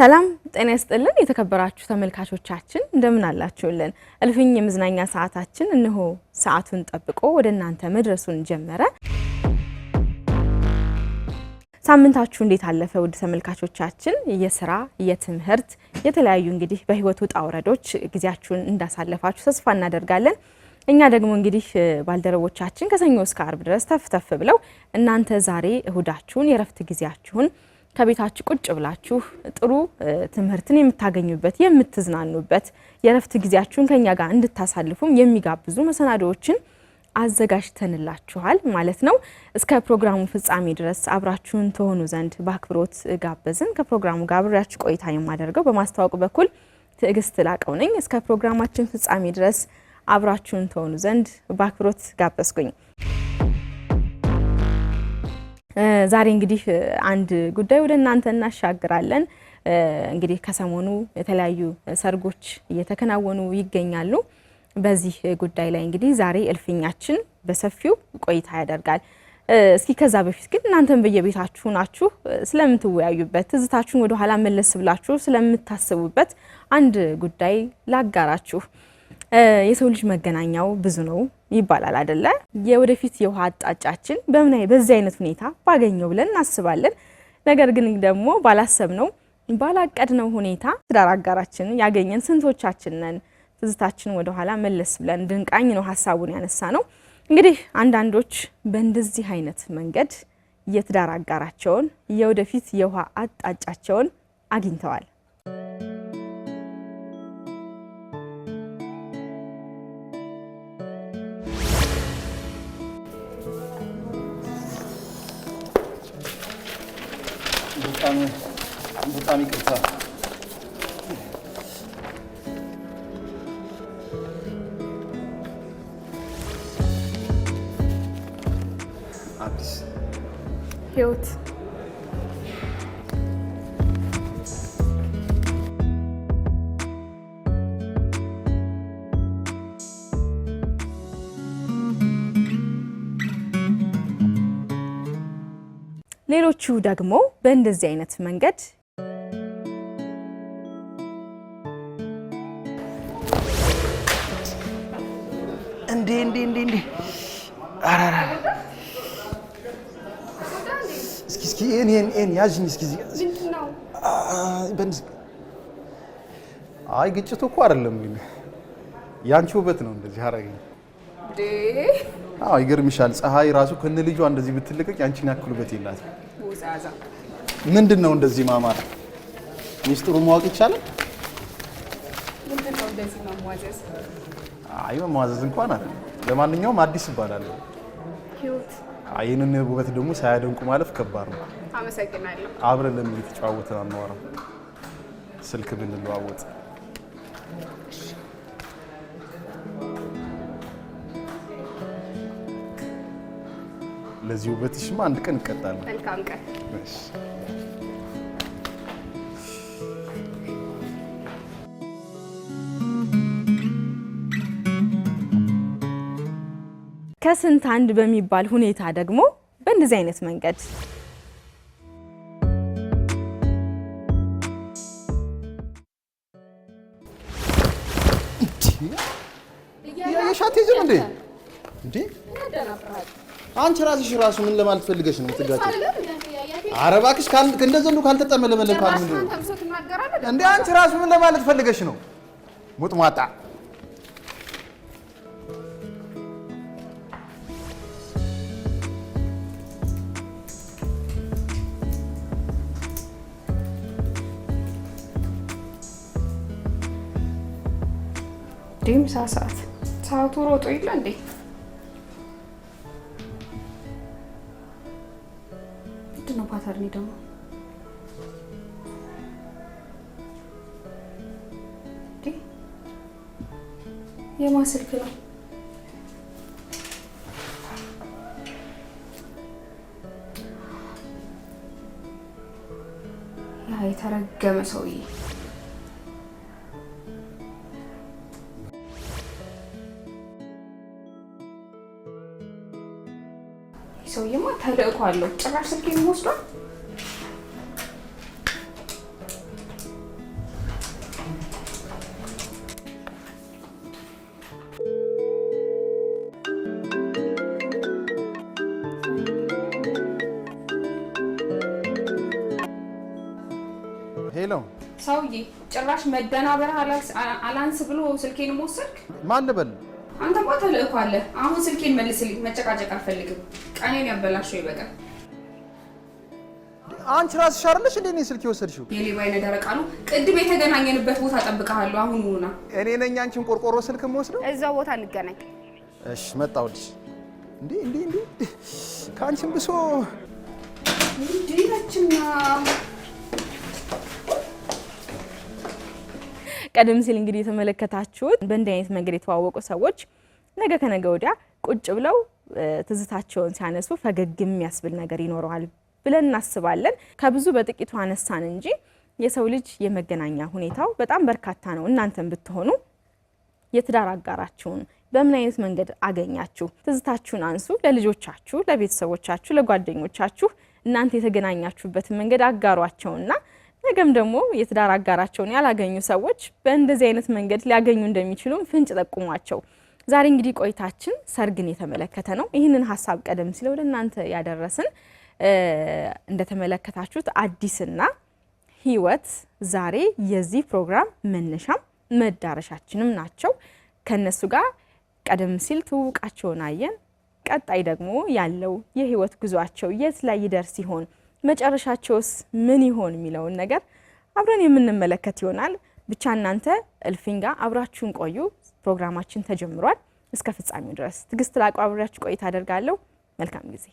ሰላም ጤና ይስጥልን። የተከበራችሁ ተመልካቾቻችን እንደምን አላችሁልን? እልፍኝ የመዝናኛ ሰዓታችን እነሆ ሰዓቱን ጠብቆ ወደ እናንተ መድረሱን ጀመረ። ሳምንታችሁ እንዴት አለፈ? ውድ ተመልካቾቻችን የስራ የትምህርት፣ የተለያዩ እንግዲህ በህይወት ውጣ ውረዶች ጊዜያችሁን እንዳሳለፋችሁ ተስፋ እናደርጋለን። እኛ ደግሞ እንግዲህ ባልደረቦቻችን ከሰኞ እስከ አርብ ድረስ ተፍተፍ ብለው እናንተ ዛሬ እሁዳችሁን የረፍት ጊዜያችሁን ከቤታችሁ ቁጭ ብላችሁ ጥሩ ትምህርትን የምታገኙበት የምትዝናኑበት፣ የእረፍት ጊዜያችሁን ከኛ ጋር እንድታሳልፉም የሚጋብዙ መሰናዶዎችን አዘጋጅተንላችኋል ማለት ነው። እስከ ፕሮግራሙ ፍጻሜ ድረስ አብራችሁን ተሆኑ ዘንድ በአክብሮት ጋበዝን። ከፕሮግራሙ ጋር አብሬያችሁ ቆይታ የማደርገው በማስተዋወቅ በኩል ትዕግስት ላቀው ነኝ። እስከ ፕሮግራማችን ፍጻሜ ድረስ አብራችሁን ተሆኑ ዘንድ በአክብሮት ጋበዝኩኝ። ዛሬ እንግዲህ አንድ ጉዳይ ወደ እናንተ እናሻግራለን። እንግዲህ ከሰሞኑ የተለያዩ ሰርጎች እየተከናወኑ ይገኛሉ። በዚህ ጉዳይ ላይ እንግዲህ ዛሬ እልፍኛችን በሰፊው ቆይታ ያደርጋል። እስኪ ከዛ በፊት ግን እናንተን በየቤታችሁ ናችሁ ስለምትወያዩበት ትዝታችሁን ወደ ኋላ መለስ ብላችሁ ስለምታስቡበት አንድ ጉዳይ ላጋራችሁ። የሰው ልጅ መገናኛው ብዙ ነው። ይባላል አይደለ? የወደፊት የውሃ አጣጫችን በምን በዚህ አይነት ሁኔታ ባገኘው ብለን እናስባለን። ነገር ግን ደግሞ ባላሰብነው ባላቀድነው ሁኔታ ትዳር አጋራችንን ያገኘን ስንቶቻችን ነን? ትዝታችን ወደኋላ መለስ ብለን ድንቃኝ ነው ሀሳቡን ያነሳ ነው። እንግዲህ አንዳንዶች በእንደዚህ አይነት መንገድ የትዳር አጋራቸውን የወደፊት የውሃ አጣጫቸውን አግኝተዋል። በጣም በጣም ይቅርታ። ህይወት ሌሎቹ ደግሞ በእንደዚህ አይነት መንገድ እንዴ እንዴ እንዴ እንዴ አራራ እስኪ እስኪ እኔ እኔ ያዥኝ እስኪ አይ ግጭቱ እኮ አይደለም ያንቺ ውበት ነው እንደዚህ አረገኝ አዎ ይገርምሻል። ፀሐይ ራሱ ከነ ልጇ እንደዚህ ብትለቀቅ ያንቺን ያክል ውበት የላት። ምንድን ነው እንደዚህ ማማር? ሚስጥሩ ማወቅ ይቻላል? አይ መሟዘዝ እንኳን አለ። ለማንኛውም አዲስ እባላለሁ። ይህንን ውበት ደግሞ ሳያደንቁ ማለፍ ከባድ ነው። አመሰግናለሁ። አብረን ለምን እየተጨዋወትን አናወራም? ስልክ ብንለዋወጥ ለዚህ ውበትሽማ አንድ ቀን እቀጣለሁ። መልካም ቀን። ከስንት አንድ በሚባል ሁኔታ ደግሞ በእንደዚህ አይነት መንገድ እያየሻት ይዝም እንዴ እንዴ አንቺ ራስሽ ራሱ ምን ለማለት ፈልገሽ ነው የምትጋጭ? ኧረ እባክሽ እንደዚህ ሁሉ ካልተጠመለመለ እንደ አንቺ ራሱ ምን ለማለት ፈልገሽ ነው? ሙጥሟጣ ምሳ ሰዓት ሰዓቱ ሮጦ የለ እንዴ? ፓተርኒ ደግሞ የማን ስልክ ነው? ያ የተረገመ ሰውዬ ሰውዬማ ተልእኮ አለው። ጭራሽ ስልኬን ወስዷል። ሄሎ ሰውዬ፣ ጭራሽ መደናበር አላንስ ብሎ ስልኬን ወሰድክ። ማን ልበል? አንተ እኮ ተልእኮ አለ። አሁን ስልኬን መልስልኝ። መጨቃጨቅ አልፈልግም። ቀኔን ያበላሸው ይበቃል። አንቺ ራስሽ አይደለሽ እንዴ እኔ ስልክ የወሰድሽው? የሌባ አይነ ደረቃ ቅድም የተገናኘንበት ቦታ ጠብቀሃለሁ። አሁን ኑና እኔ ነኝ አንቺን ቆርቆሮ ስልክ የምወስደው። እዛው ቦታ እንገናኝ። እሺ መጣሁልሽ። እንዴ እንዴ እንዴ ከአንቺም ብሶ እንዴ ነችና ቀደም ሲል እንግዲህ የተመለከታችሁት በእንዲህ አይነት መንገድ የተዋወቁ ሰዎች ነገ ከነገ ወዲያ ቁጭ ብለው ትዝታቸውን ሲያነሱ ፈገግ የሚያስብል ነገር ይኖረዋል ብለን እናስባለን። ከብዙ በጥቂቱ አነሳን እንጂ የሰው ልጅ የመገናኛ ሁኔታው በጣም በርካታ ነው። እናንተም ብትሆኑ የትዳር አጋራችሁን በምን አይነት መንገድ አገኛችሁ? ትዝታችሁን አንሱ። ለልጆቻችሁ፣ ለቤተሰቦቻችሁ፣ ለጓደኞቻችሁ እናንተ የተገናኛችሁበትን መንገድ አጋሯቸውና ነገም ደግሞ የትዳር አጋራቸውን ያላገኙ ሰዎች በእንደዚህ አይነት መንገድ ሊያገኙ እንደሚችሉም ፍንጭ ጠቁሟቸው። ዛሬ እንግዲህ ቆይታችን ሰርግን የተመለከተ ነው። ይህንን ሀሳብ ቀደም ሲል ወደ እናንተ ያደረስን እንደተመለከታችሁት አዲስና ህይወት ዛሬ የዚህ ፕሮግራም መነሻም መዳረሻችንም ናቸው። ከነሱ ጋር ቀደም ሲል ትውውቃቸውን አየን። ቀጣይ ደግሞ ያለው የህይወት ጉዟቸው የት ላይ ይደርስ ይሆን? መጨረሻቸውስ ምን ይሆን የሚለውን ነገር አብረን የምንመለከት ይሆናል። ብቻ እናንተ እልፍኝ ጋር አብራችሁን ቆዩ። ፕሮግራማችን ተጀምሯል። እስከ ፍጻሜው ድረስ ትግስት ላቁ አብሬያችሁ ቆይታ አደርጋለሁ። መልካም ጊዜ